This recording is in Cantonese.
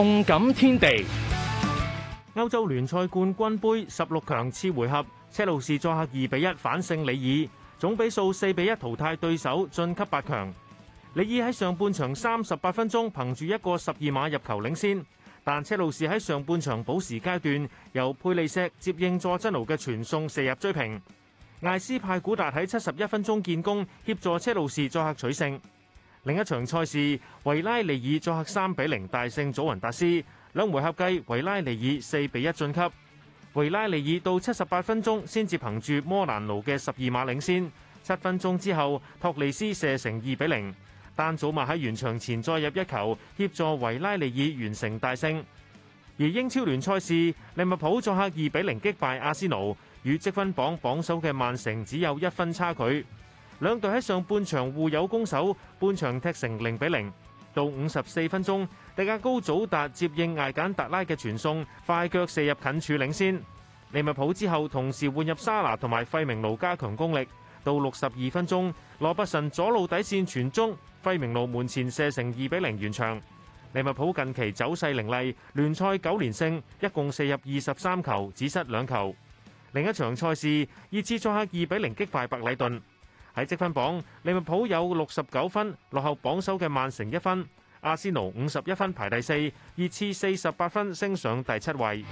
動感天地，歐洲聯賽冠軍盃十六強次回合，車路士作客二比一反勝里爾，總比數四比一淘汰對手，晉級八強。里爾喺上半場三十八分鐘憑住一個十二碼入球領先，但車路士喺上半場補時階段由佩利錫接應佐真奴嘅傳送射入追平。艾斯派古達喺七十一分鐘建功，協助車路士作客取勝。另一場賽事，維拉利爾作客三比零大勝祖雲達斯，兩回合計維拉利爾四比一晉級。維拉利爾到七十八分鐘先至憑住摩蘭奴嘅十二碼領先，七分鐘之後托利斯射成二比零，丹祖馬喺完場前再入一球，協助維拉利爾完成大勝。而英超聯賽事，利物浦作客二比零擊敗阿仙奴，與積分榜榜，榜首嘅曼城只有一分差距。兩隊喺上半場互有攻守，半場踢成零比零。到五十四分鐘，迪亞高祖達接應艾簡達拉嘅傳送，快腳射入近處領先。利物浦之後同時換入沙拿同埋費明路加強攻力。到六十二分鐘，羅伯神左路底線傳中，費明路門前射成二比零完場。利物浦近期走勢凌厲，聯賽九連勝，一共射入二十三球，只失兩球。另一場賽事，熱刺作客二比零擊敗白禮頓。喺積分榜，利物浦有六十九分，落後榜首嘅曼城一分。阿仙奴五十一分排第四，熱刺四十八分升上第七位。